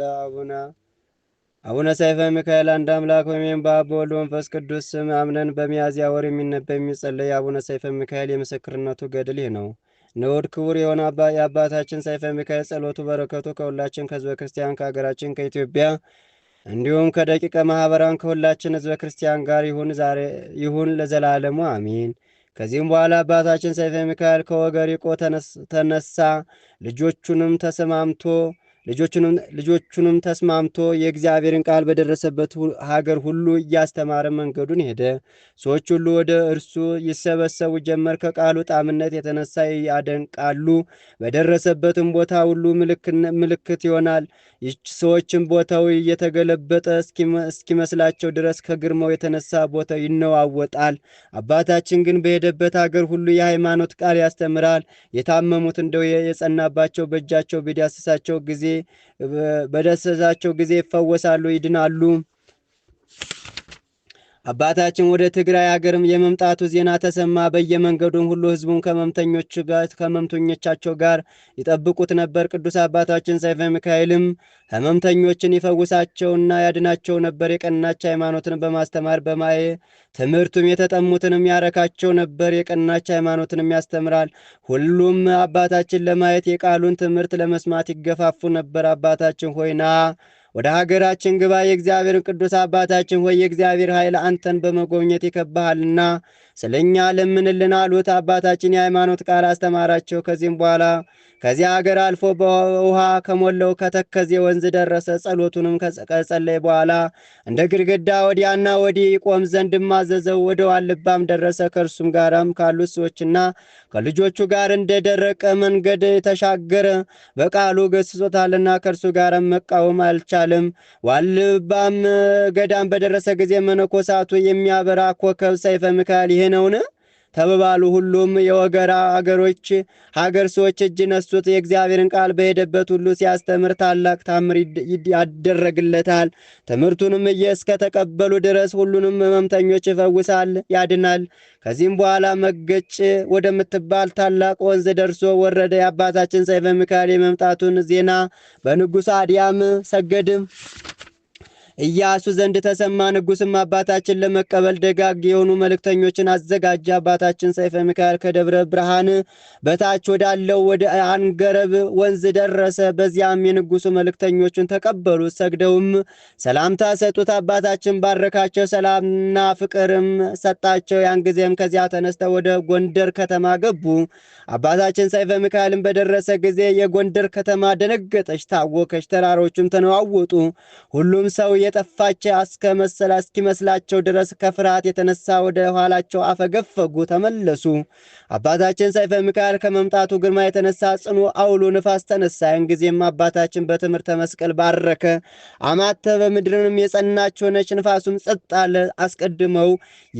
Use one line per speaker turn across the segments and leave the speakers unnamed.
ለአቡነ አቡነ ሰይፈ ሚካኤል አንድ አምላክ በሚሆን በአብ በወልድ በመንፈስ ቅዱስ ስም አምነን በሚያዝያ ወር የሚነበብ የሚጸለይ የአቡነ ሰይፈ ሚካኤል የምስክርነቱ ገድል ይህ ነው። ንዑድ ክቡር የሆነ የአባታችን ሰይፈ ሚካኤል ጸሎቱ በረከቱ ከሁላችን ከህዝበ ክርስቲያን ከሀገራችን ከኢትዮጵያ እንዲሁም ከደቂቀ ማህበራን ከሁላችን ህዝበ ክርስቲያን ጋር ይሁን ለዘላለሙ አሚን። ከዚህም በኋላ አባታችን ሰይፈ ሚካኤል ከወገሪቆ ተነሳ። ልጆቹንም ተሰማምቶ ልጆቹንም ተስማምቶ የእግዚአብሔርን ቃል በደረሰበት ሀገር ሁሉ እያስተማረ መንገዱን ሄደ። ሰዎች ሁሉ ወደ እርሱ ይሰበሰቡ ጀመር። ከቃሉ ጣምነት የተነሳ ያደንቃሉ። በደረሰበትም ቦታ ሁሉ ምልክት ይሆናል። ሰዎችም ቦታው እየተገለበጠ እስኪመስላቸው ድረስ ከግርማው የተነሳ ቦታው ይነዋወጣል። አባታችን ግን በሄደበት አገር ሁሉ የሃይማኖት ቃል ያስተምራል። የታመሙት እንደው የጸናባቸው በእጃቸው በደሰሳቸው ጊዜ ይፈወሳሉ፣ ይድናሉ። አባታችን ወደ ትግራይ አገርም የመምጣቱ ዜና ተሰማ። በየመንገዱም ሁሉ ህዝቡን ከመምተኞቻቸው ጋር ይጠብቁት ነበር። ቅዱስ አባታችን ሰይፈ ሚካኤልም ህመምተኞችን ይፈውሳቸውና ያድናቸው ነበር። የቀናች ሃይማኖትን በማስተማር በማየ ትምህርቱም የተጠሙትንም ያረካቸው ነበር። የቀናች ሃይማኖትንም ያስተምራል። ሁሉም አባታችን ለማየት የቃሉን ትምህርት ለመስማት ይገፋፉ ነበር። አባታችን ሆይና ወደ ሀገራችን ግባ፣ የእግዚአብሔር ቅዱስ አባታችን ሆይ የእግዚአብሔር ኃይል አንተን በመጎብኘት ይከብሃልና ስለ እኛ ለምንልን አሉት። አባታችን የሃይማኖት ቃል አስተማራቸው። ከዚህም በኋላ ከዚያ አገር አልፎ በውሃ ከሞላው ከተከዜ ወንዝ ደረሰ። ጸሎቱንም ከጸለይ በኋላ እንደ ግድግዳ ወዲያና ወዲህ ይቆም ዘንድ ማዘዘው ወደ ዋልባም ደረሰ። ከእርሱም ጋራም ካሉት ሰዎችና ከልጆቹ ጋር እንደ ደረቀ መንገድ ተሻገረ። በቃሉ ገስጾታልና ከእርሱ ጋርም መቃወም አልቻለ አልቻለም። ዋልባም ገዳም በደረሰ ጊዜ መነኮሳቱ የሚያበራ ኮከብ ሰይፈ ሚካኤል ይሄ ነውን? ተበባሉ። ሁሉም የወገራ አገሮች ሀገር ሰዎች እጅ ነሱት። የእግዚአብሔርን ቃል በሄደበት ሁሉ ሲያስተምር ታላቅ ታምር ያደረግለታል። ትምህርቱንም እስከተቀበሉ ተቀበሉ ድረስ ሁሉንም ሕመምተኞች ይፈውሳል፣ ያድናል። ከዚህም በኋላ መገጭ ወደምትባል ታላቅ ወንዝ ደርሶ ወረደ። የአባታችን ሰይፈ ሚካኤል የመምጣቱን ዜና በንጉሥ አድያም ሰገድም እያሱ ዘንድ ተሰማ። ንጉስም አባታችን ለመቀበል ደጋግ የሆኑ መልእክተኞችን አዘጋጀ። አባታችን ሰይፈ ሚካኤል ከደብረ ብርሃን በታች ወዳለው ወደ አንገረብ ወንዝ ደረሰ። በዚያም የንጉሱ መልእክተኞችን ተቀበሉ። ሰግደውም ሰላምታ ሰጡት። አባታችን ባረካቸው፣ ሰላምና ፍቅርም ሰጣቸው። ያን ጊዜም ከዚያ ተነስተው ወደ ጎንደር ከተማ ገቡ። አባታችን ሰይፈ ሚካኤልም በደረሰ ጊዜ የጎንደር ከተማ ደነገጠች፣ ታወከች፣ ተራሮችም ተነዋወጡ። ሁሉም ሰው የጠፋች እስኪመስላቸው ድረስ ከፍርሃት የተነሳ ወደ ኋላቸው አፈገፈጉ፣ ተመለሱ። አባታችን ሰይፈ ሚካኤል ከመምጣቱ ግርማ የተነሳ ጽኑ አውሎ ንፋስ ተነሳ። ያን ጊዜም አባታችን በትምህርተ መስቀል ባረከ፣ አማተበ። ምድርንም የጸናች ሆነች፣ ንፋሱም ጸጥ አለ። አስቀድመው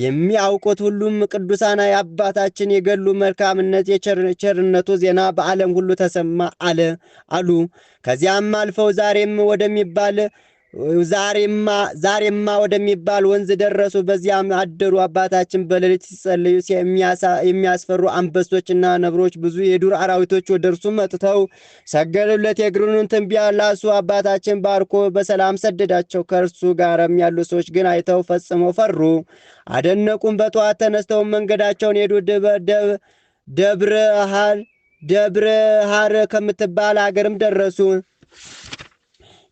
የሚያውቁት ሁሉም ቅዱሳን የአባታችን የገሉ መልካምነት የቸርነቱ ዜና በዓለም ሁሉ ተሰማ አለ አሉ። ከዚያም አልፈው ዛሬም ወደሚባል ዛሬማ ወደሚባል ወንዝ ደረሱ። በዚያም አደሩ። አባታችን በሌሊት ሲጸልዩ የሚያስፈሩ አንበሶችና ነብሮች፣ ብዙ የዱር አራዊቶች ወደ እርሱ መጥተው ሰገዱለት። የእግሩንም ትንቢያ ላሱ። አባታችን ባርኮ በሰላም ሰደዳቸው። ከእርሱ ጋርም ያሉ ሰዎች ግን አይተው ፈጽመው ፈሩ፣ አደነቁም። በጠዋት ተነስተው መንገዳቸውን ሄዱ። ደብረ ሃር ከምትባል አገርም ደረሱ።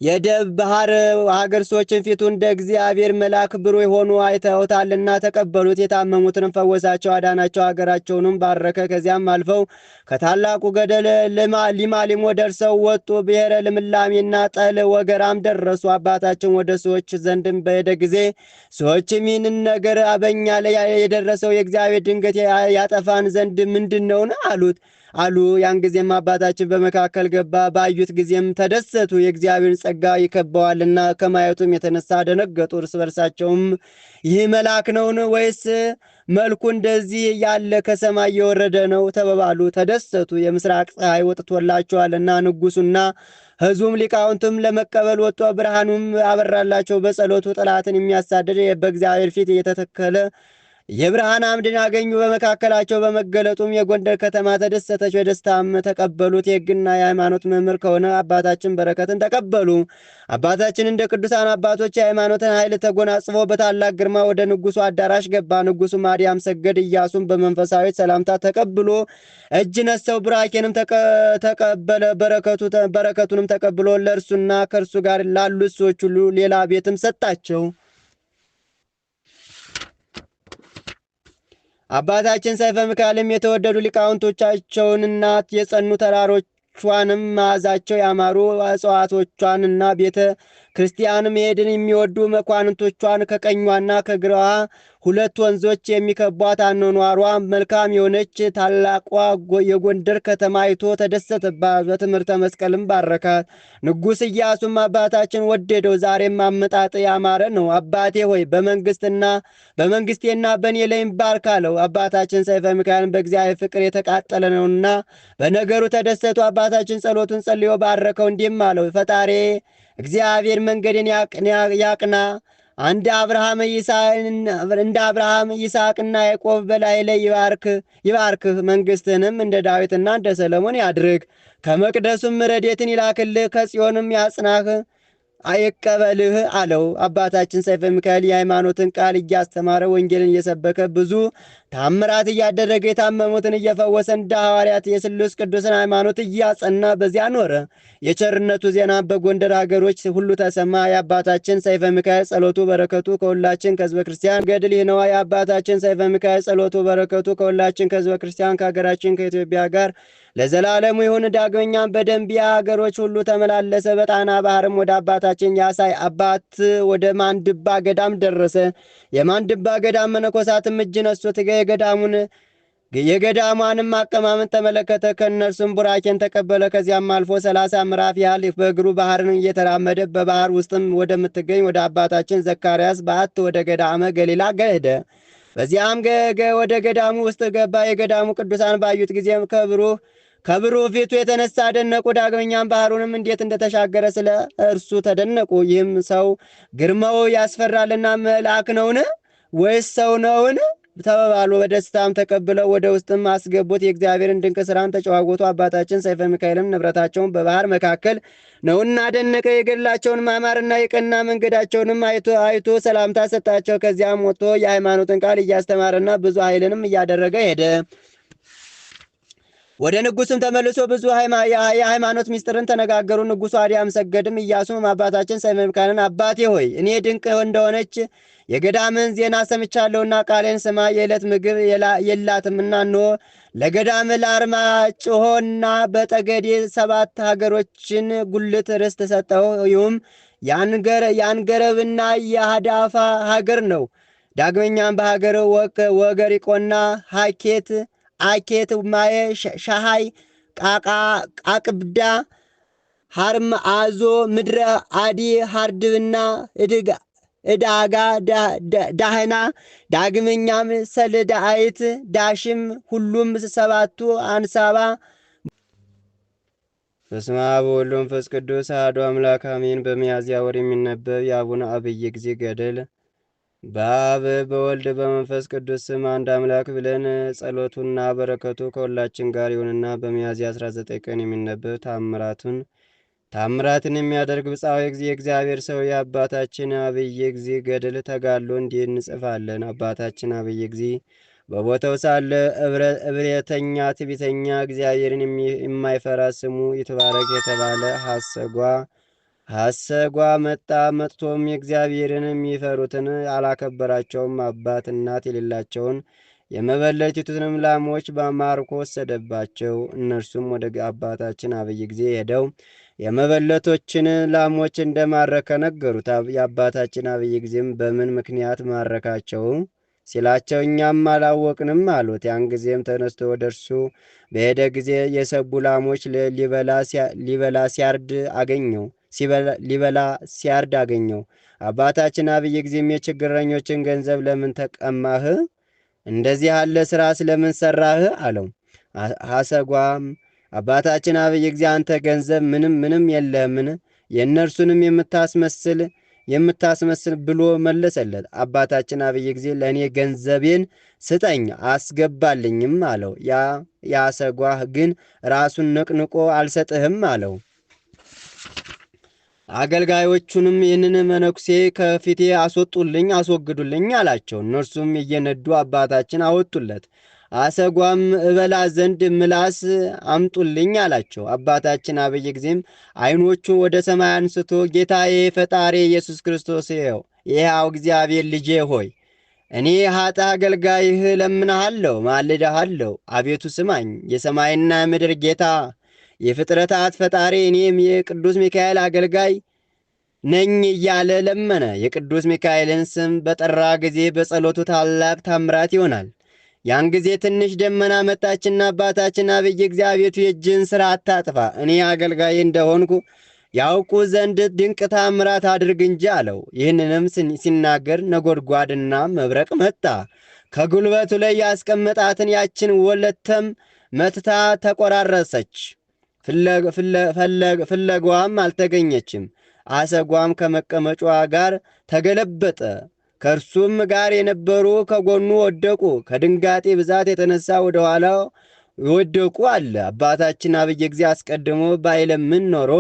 የደብ ባህር ሀገር ሰዎችን ፊቱ እንደ እግዚአብሔር መልአክ ብሩህ የሆኑ አይተውታልና ተቀበሉት። የታመሙትንም ፈወሳቸው፣ አዳናቸው፣ ሀገራቸውንም ባረከ። ከዚያም አልፈው ከታላቁ ገደል ሊማሊሞ ደርሰው ወጡ። ብሔረ ልምላሜና ጠል ወገራም ደረሱ። አባታችን ወደ ሰዎች ዘንድም በሄደ ጊዜ ሰዎችም ይህንን ነገር በእኛ ላይ የደረሰው የእግዚአብሔር ድንገት ያጠፋን ዘንድ ምንድን ነውን አሉት። አሉ። ያን ጊዜም አባታችን በመካከል ገባ። ባዩት ጊዜም ተደሰቱ። የእግዚአብሔርን ጸጋ ይከበዋልና ከማየቱም የተነሳ ደነገጡ። እርስ በርሳቸውም ይህ መልአክ ነውን? ወይስ መልኩ እንደዚህ ያለ ከሰማይ የወረደ ነው ተበባሉ፣ ተደሰቱ። የምስራቅ ፀሐይ ወጥቶላቸዋልና ንጉሱና ሕዝቡም ሊቃውንቱም ለመቀበል ወጥቶ ብርሃኑም አበራላቸው። በጸሎቱ ጠላትን የሚያሳድድ በእግዚአብሔር ፊት እየተተከለ የብርሃን አምድን አገኙ። በመካከላቸው በመገለጡም የጎንደር ከተማ ተደሰተች። በደስታም ተቀበሉት። የሕግና የሃይማኖት መምህር ከሆነ አባታችን በረከትን ተቀበሉ። አባታችን እንደ ቅዱሳን አባቶች የሃይማኖትን ኃይል ተጎናጽፎ በታላቅ ግርማ ወደ ንጉሱ አዳራሽ ገባ። ንጉሱ ማርያም ሰገድ እያሱን በመንፈሳዊ ሰላምታ ተቀብሎ እጅ ነሰው ብራኬንም ተቀበለ። በረከቱንም ተቀብሎ ለእርሱና ከእርሱ ጋር ላሉ ሰዎች ሁሉ ሌላ ቤትም ሰጣቸው። አባታችን ሰይፈ ሚካኤልም የተወደዱ ሊቃውንቶቻቸውንና የጸኑ ተራሮቿንም መዓዛቸው ያማሩ እጽዋቶቿንና ቤተ ክርስቲያንም መሄድን የሚወዱ መኳንንቶቿን ከቀኟና ከግራዋ ሁለት ወንዞች የሚከቧት አኗኗሯ መልካም የሆነች ታላቋ የጎንደር ከተማ አይቶ ተደሰተባት፣ በትምህርተ መስቀልም ባረካት። ንጉሥ ኢያሱም አባታችን ወደደው። ዛሬም አመጣጥ ያማረ ነው። አባቴ ሆይ በመንግስትና በመንግስቴና በእኔ ላይም ባርክ አለው። አባታችን ሰይፈ ሚካኤልን በእግዚአብሔር ፍቅር የተቃጠለ ነውና በነገሩ ተደሰቱ። አባታችን ጸሎቱን ጸልዮ ባረከው፣ እንዲህም አለው፦ ፈጣሬ እግዚአብሔር መንገድን ያቅና አንድ አብርሃም እንደ አብርሃም ይስሐቅና ያዕቆብ በላይ ላይ ይባርክህ፣ መንግስትንም እንደ ዳዊትና እንደ ሰለሞን ያድርግ። ከመቅደሱም ረድኤትን ይላክልህ፣ ከጽዮንም ያጽናህ አይቀበልህ አለው። አባታችን ሰይፈ ሚካኤል የሃይማኖትን ቃል እያስተማረ ወንጌልን እየሰበከ ብዙ ታምራት እያደረገ የታመሙትን እየፈወሰ እንደ ሐዋርያት የስሉስ ቅዱስን ሃይማኖት እያጸና በዚያ ኖረ። የቸርነቱ ዜና በጎንደር ሀገሮች ሁሉ ተሰማ። የአባታችን ሰይፈ ሚካኤል ጸሎቱ በረከቱ ከሁላችን ከህዝበ ክርስቲያን ገድል ይህ ነዋ። የአባታችን ሰይፈ ሚካኤል ጸሎቱ በረከቱ ከሁላችን ከህዝበ ክርስቲያን ከሀገራችን ከኢትዮጵያ ጋር ለዘላለሙ ይሁን። ዳግመኛም በደንቢያ አገሮች ሁሉ ተመላለሰ። በጣና ባህርም ወደ አባታችን ያሳይ አባት ወደ ማንድባ ገዳም ደረሰ። የማንድባ ገዳም መነኮሳትም እጅ ነሱት። የገዳሙን የገዳሟንም አቀማመጥ ተመለከተ። ከእነርሱም ቡራኬን ተቀበለ። ከዚያም አልፎ ሰላሳ ምዕራፍ ያህል በእግሩ ባህርን እየተራመደ በባህር ውስጥም ወደምትገኝ ወደ አባታችን ዘካርያስ በአት ወደ ገዳመ ገሊላ ገሄደ። በዚያም ገገ ወደ ገዳሙ ውስጥ ገባ። የገዳሙ ቅዱሳን ባዩት ጊዜም ከብሩህ ከብሩህ ፊቱ የተነሳ አደነቁ። ዳግመኛም ባህሩንም እንዴት እንደተሻገረ ስለ እርሱ ተደነቁ። ይህም ሰው ግርማው ያስፈራልና መልአክ ነውን ወይስ ሰው ነውን ተባባሉ። በደስታም ተቀብለው ወደ ውስጥም አስገቡት። የእግዚአብሔርን ድንቅ ስራን ተጨዋወቱ። አባታችን ሰይፈ ሚካኤልም ንብረታቸውን በባህር መካከል ነውና አደነቀ። የገድላቸውን ማማርና የቀና መንገዳቸውንም አይቶ ሰላምታ ሰጣቸው። ከዚያም ወጥቶ የሃይማኖትን ቃል እያስተማረና ብዙ ኃይልንም እያደረገ ሄደ። ወደ ንጉስም ተመልሶ ብዙ የሃይማኖት ምስጢርን ተነጋገሩ። ንጉሱ አዲያም ሰገድም እያሱም አባታችን ሰይፈ አባቴ ሆይ እኔ ድንቅ እንደሆነች የገዳምን ዜና ሰምቻለሁና ቃሌን ስማ። የዕለት ምግብ የላትምና ኖ ለገዳም ጭሆና በጠገዴ ሰባት ሀገሮችን ጉልት ርስት ሰጠው። ይሁም የአንገረብና የአዳፋ ሀገር ነው። ዳግመኛም በሀገር ወገሪቆና ሀኬት አኬት ማየ ሻሃይ ቃቅብዳ ሃርም አዞ ምድረ አዲ ሃርድብና እዳጋ ዳህና ዳግመኛም ሰልዳአይት ዳሽም ሁሉም ሰባቱ አንሳባ በስመ አብ ወወልድ ወመንፈስ ቅዱስ አሐዱ አምላክ አሜን። በሚያዝያ ወር የሚነበብ የአቡነ አብይ ጊዜ ገድል በአብ በወልድ በመንፈስ ቅዱስ ስም አንድ አምላክ ብለን ጸሎቱና በረከቱ ከሁላችን ጋር ይሁንና በሚያዝያ 19 ቀን የሚነበብ ታምራቱን ታምራትን የሚያደርግ ጊዜ የእግዚአብሔር ሰው የአባታችን አብይ ጊዜ ገድል ተጋድሎ እንዲህ እንጽፋለን። አባታችን አብይ ጊዜ በቦታው ሳለ እብሬተኛ ትቢተኛ እግዚአብሔርን የማይፈራ ስሙ ይትባረክ የተባለ ሐሰጓ ሐሰጓ መጣ። መጥቶም የእግዚአብሔርን የሚፈሩትን አላከበራቸውም። አባት እናት የሌላቸውን የመበለቲቱንም ላሞች በማርኮ ወሰደባቸው። እነርሱም ወደ አባታችን አብይ ጊዜ ሄደው የመበለቶችን ላሞች እንደማረከ ነገሩት። የአባታችን አብይ ጊዜም በምን ምክንያት ማረካቸው ሲላቸው እኛም አላወቅንም አሉት። ያን ጊዜም ተነስቶ ወደ እርሱ በሄደ ጊዜ የሰቡ ላሞች ሊበላ ሲያርድ አገኘው። ሊበላ ሲያርድ አገኘው። አባታችን አብይ ጊዜም የችግረኞችን ገንዘብ ለምን ተቀማህ? እንደዚህ ያለ ስራ ስለምን ሰራህ? አለው። አሰጓም አባታችን አብይ ጊዜ አንተ ገንዘብ ምንም ምንም የለህምን? የእነርሱንም የምታስመስል የምታስመስል ብሎ መለሰለት። አባታችን አብይ ጊዜ ለእኔ ገንዘቤን ስጠኝ አስገባልኝም አለው። ያ ያሰጓህ ግን ራሱን ነቅንቆ አልሰጥህም አለው። አገልጋዮቹንም ይህንን መነኩሴ ከፊቴ አስወጡልኝ፣ አስወግዱልኝ አላቸው። እነርሱም እየነዱ አባታችን አወጡለት። አሰጓም እበላ ዘንድ ምላስ አምጡልኝ አላቸው። አባታችን አብይ ጊዜም ዓይኖቹ ወደ ሰማይ አንስቶ ጌታዬ ፈጣሪ ኢየሱስ ክርስቶስ ይኸው ይኸው እግዚአብሔር ልጄ ሆይ እኔ ኃጣ አገልጋይህ ለምንሃለሁ፣ ማልደሃለሁ። አቤቱ ስማኝ። የሰማይና ምድር ጌታ የፍጥረታት ፈጣሪ እኔም የቅዱስ ሚካኤል አገልጋይ ነኝ እያለ ለመነ። የቅዱስ ሚካኤልን ስም በጠራ ጊዜ በጸሎቱ ታላቅ ታምራት ይሆናል። ያን ጊዜ ትንሽ ደመና መጣችና አባታችን አብይ እግዚአብሔቱ የእጅን ሥራ አታጥፋ፣ እኔ አገልጋይ እንደሆንኩ ያውቁ ዘንድ ድንቅ ታምራት አድርግ እንጂ አለው። ይህንንም ሲናገር ነጎድጓድና መብረቅ መጣ። ከጉልበቱ ላይ ያስቀመጣትን ያችን ወለተም መትታ ተቆራረሰች። ፍለጓም አልተገኘችም። አሰጓም ከመቀመጫዋ ጋር ተገለበጠ። ከእርሱም ጋር የነበሩ ከጎኑ ወደቁ። ከድንጋጤ ብዛት የተነሳ ወደ ኋላ ወደቁ አለ። አባታችን አብየ ጊዜ አስቀድሞ ባይለምን ኖሮ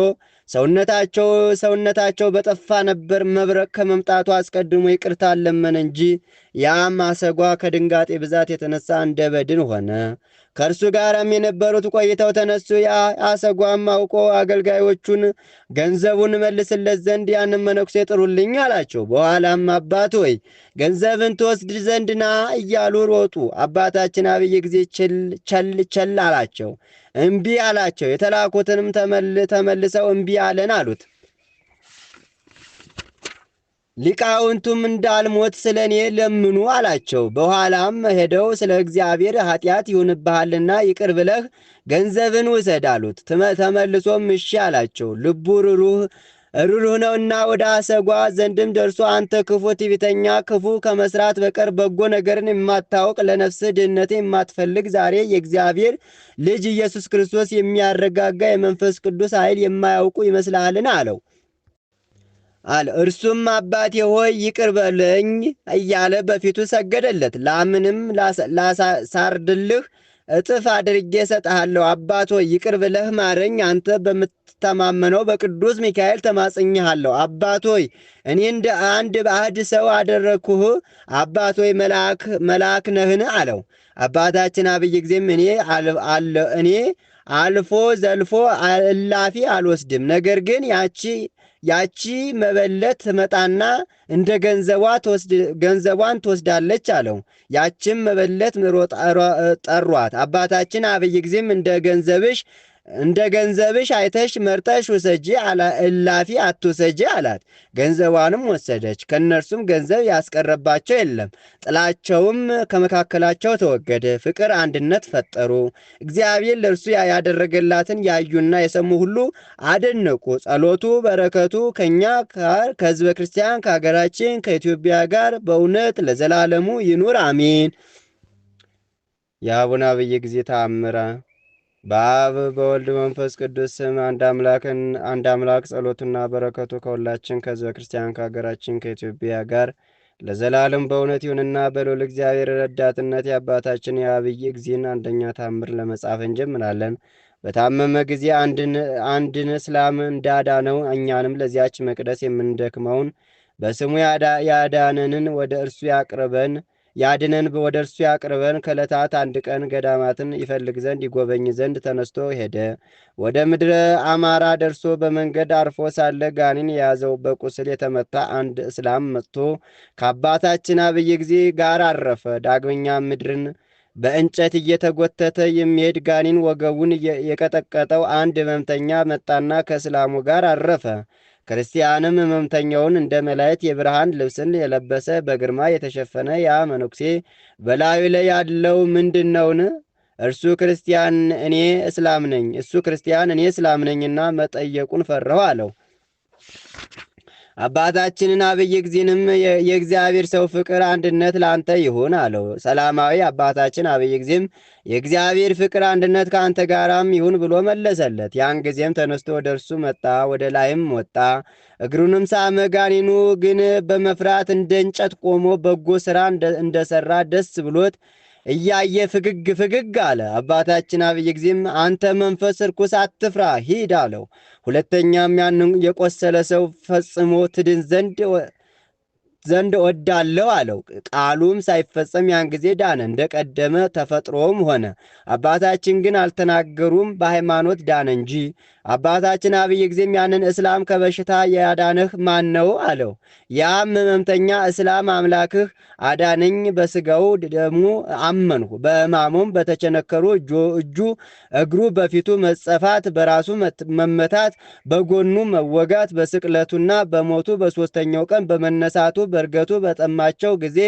ሰውነታቸው ሰውነታቸው በጠፋ ነበር። መብረቅ ከመምጣቱ አስቀድሞ ይቅርታ ለመነ እንጂ ያም አሰጓ ከድንጋጤ ብዛት የተነሳ እንደ በድን ሆነ። ከእርሱ ጋርም የነበሩት ቆይተው ተነሱ። የአሰጓም አውቆ አገልጋዮቹን ገንዘቡን መልስለት ዘንድ ያንን መነኩሴ ጥሩልኝ አላቸው። በኋላም አባት ሆይ ገንዘብን ትወስድ ዘንድ ና እያሉ ሮጡ። አባታችን አብይ ጊዜ ቸል ቸል አላቸው፣ እምቢ አላቸው። የተላኩትንም ተመልሰው እምቢ አለን አሉት። ሊቃውንቱም እንዳልሞት ስለ እኔ ለምኑ አላቸው። በኋላም ሄደው ስለ እግዚአብሔር ኃጢአት ይሁንብሃልና ይቅር ብለህ ገንዘብን ውሰድ አሉት። ተመልሶም እሺ አላቸው። ልቡ ርሩህ ርሩህ ነውና ወደ አሰጓ ዘንድም ደርሶ አንተ ክፉ ትዕቢተኛ፣ ክፉ ከመስራት በቀር በጎ ነገርን የማታውቅ ለነፍስህ ድህነት የማትፈልግ ዛሬ የእግዚአብሔር ልጅ ኢየሱስ ክርስቶስ የሚያረጋጋ የመንፈስ ቅዱስ ኃይል የማያውቁ ይመስልሃልን? አለው። አለ። እርሱም አባቴ ሆይ ይቅር በለኝ እያለ በፊቱ ሰገደለት። ላምንም ላሳርድልህ እጥፍ አድርጌ ሰጠሃለሁ። አባት ይቅር ብለህ ማረኝ፣ አንተ በምትተማመነው በቅዱስ ሚካኤል ተማጽኝሃለሁ። አባት እኔ እንደ አንድ ባዕድ ሰው አደረግኩህ። አባት ሆይ መልአክ ነህን? አለው። አባታችን አብይ ጊዜም እኔ እኔ አልፎ ዘልፎ እላፊ አልወስድም፣ ነገር ግን ያቺ ያቺ መበለት ትመጣና እንደ ገንዘቧን ትወስዳለች አለው። ያችም መበለት ጠሯት፣ አባታችን አብይ ጊዜም እንደ ገንዘብሽ እንደ ገንዘብሽ አይተሽ መርጠሽ ውሰጂ፣ እላፊ አትውሰጂ አላት። ገንዘቧንም ወሰደች። ከእነርሱም ገንዘብ ያስቀረባቸው የለም። ጥላቸውም ከመካከላቸው ተወገደ። ፍቅር፣ አንድነት ፈጠሩ። እግዚአብሔር ለእርሱ ያደረገላትን ያዩና የሰሙ ሁሉ አደነቁ። ጸሎቱ በረከቱ ከእኛ ጋር ከህዝበ ክርስቲያን ከሀገራችን ከኢትዮጵያ ጋር በእውነት ለዘላለሙ ይኑር አሜን። የአቡነ አብየ ጊዜ ተአምራ በአብ በወልድ መንፈስ ቅዱስ ስም አንድ አምላክ ጸሎቱና በረከቱ ከሁላችን ከህዝበ ክርስቲያን ከሀገራችን ከኢትዮጵያ ጋር ለዘላለም በእውነት ይሁንና በሎል እግዚአብሔር ረዳትነት የአባታችን የአብይ እግዚእን አንደኛ ታምር ለመጻፍ እንጀምራለን። በታመመ ጊዜ አንድን እስላም እንዳዳነው እኛንም ለዚያች መቅደስ የምንደክመውን በስሙ ያዳነንን ወደ እርሱ ያቅርበን ያድነን ወደ እርሱ ያቅርበን። ከዕለታት አንድ ቀን ገዳማትን ይፈልግ ዘንድ ይጎበኝ ዘንድ ተነስቶ ሄደ። ወደ ምድረ አማራ ደርሶ በመንገድ አርፎ ሳለ ጋኔን የያዘው በቁስል የተመታ አንድ እስላም መጥቶ ከአባታችን አብይ ጊዜ ጋር አረፈ። ዳግመኛ ምድርን በእንጨት እየተጎተተ የሚሄድ ጋኔን ወገቡን የቀጠቀጠው አንድ ሕመምተኛ መጣና ከእስላሙ ጋር አረፈ። ክርስቲያንም ሕመምተኛውን እንደ መላእክት የብርሃን ልብስን የለበሰ በግርማ የተሸፈነ ያ መነኩሴ በላዩ ላይ ያለው ምንድን ነውን? እርሱ ክርስቲያን እኔ እስላም ነኝ እሱ ክርስቲያን እኔ እስላም ነኝና መጠየቁን ፈራሁ አለው። አባታችንን አብይ ጊዜንም የእግዚአብሔር ሰው ፍቅር አንድነት ለአንተ ይሁን አለው። ሰላማዊ አባታችን አብይ ጊዜም የእግዚአብሔር ፍቅር አንድነት ከአንተ ጋራም ይሁን ብሎ መለሰለት። ያን ጊዜም ተነስቶ ወደ እርሱ መጣ፣ ወደ ላይም ወጣ፣ እግሩንም ሳመ። ጋኔኑ ግን በመፍራት እንደ እንጨት ቆሞ በጎ ሥራ እንደሰራ ደስ ብሎት እያየ ፍግግ ፍግግ አለ። አባታችን አብይ ጊዜም አንተ መንፈስ ርኩስ አትፍራ ሂድ አለው። ሁለተኛም ያንን የቆሰለ ሰው ፈጽሞ ትድን ዘንድ ዘንድ ወዳለው አለው። ቃሉም ሳይፈጸም ያን ጊዜ ዳነ፣ እንደ ቀደመ ተፈጥሮም ሆነ። አባታችን ግን አልተናገሩም፣ በሃይማኖት ዳነ እንጂ አባታችን አብይ ጊዜም ያንን እስላም ከበሽታ ያዳንህ ማን ነው አለው። ያም ህመምተኛ እስላም አምላክህ አዳነኝ፣ በስጋው ደሙ አመንሁ። በሕማሙም በተቸነከሩ እጁ እግሩ፣ በፊቱ መጸፋት፣ በራሱ መመታት፣ በጎኑ መወጋት፣ በስቅለቱና በሞቱ በሦስተኛው ቀን በመነሳቱ በእርገቱ በጠማቸው ጊዜ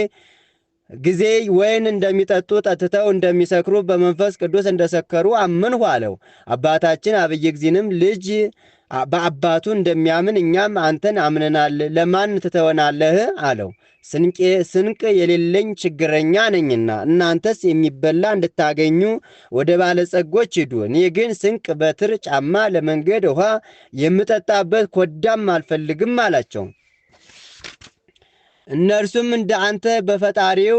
ጊዜ ወይን እንደሚጠጡ ጠጥተው እንደሚሰክሩ በመንፈስ ቅዱስ እንደሰከሩ አመንሁ አለው። አባታችን አብይ ጊዜንም ልጅ በአባቱ እንደሚያምን እኛም አንተን አምነናል፣ ለማን ትተወናለህ? አለው። ስንቅ የሌለኝ ችግረኛ ነኝና እናንተስ የሚበላ እንድታገኙ ወደ ባለጸጎች ሂዱ። እኔ ግን ስንቅ፣ በትር፣ ጫማ፣ ለመንገድ ውሃ የምጠጣበት ኮዳም አልፈልግም አላቸው። እነርሱም እንደ አንተ በፈጣሪው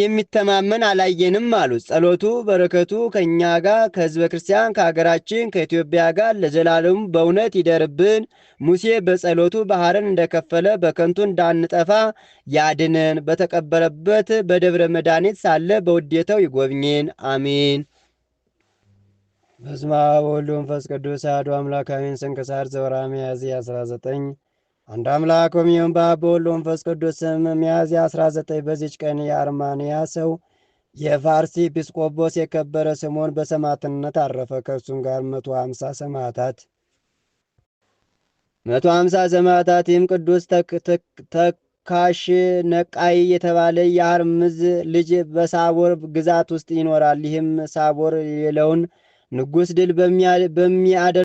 የሚተማመን አላየንም አሉት። ጸሎቱ በረከቱ ከእኛ ጋር ከህዝበ ክርስቲያን ከሀገራችን ከኢትዮጵያ ጋር ለዘላለሙ በእውነት ይደርብን። ሙሴ በጸሎቱ ባህርን እንደከፈለ በከንቱ እንዳንጠፋ ያድነን። በተቀበረበት በደብረ መድኃኒት ሳለ በውዴታው ይጎብኝን። አሚን። በስመ አብ ወወልድ ወመንፈስ ቅዱስ አሐዱ አምላክ አሜን። ስንክሳር ዘወርኀ ሚያዝያ 19 አንድ አምላክ በሚሆን በአብ በወልድ በመንፈስ ቅዱስ ስም ሚያዝያ 19 በዚች ቀን የአርማንያ ሰው የፋርሲ ኤጲስቆጶስ የከበረ ስምዖን በሰማዕትነት አረፈ። ከእርሱም ጋር 150 ሰማዕታት 150 ሰማዕታት ይህም ቅዱስ ተካሽ ነቃይ የተባለ የአርምዝ ልጅ በሳቦር ግዛት ውስጥ ይኖራል። ይህም ሳቦር የሌለውን ንጉሥ ድል በሚያደር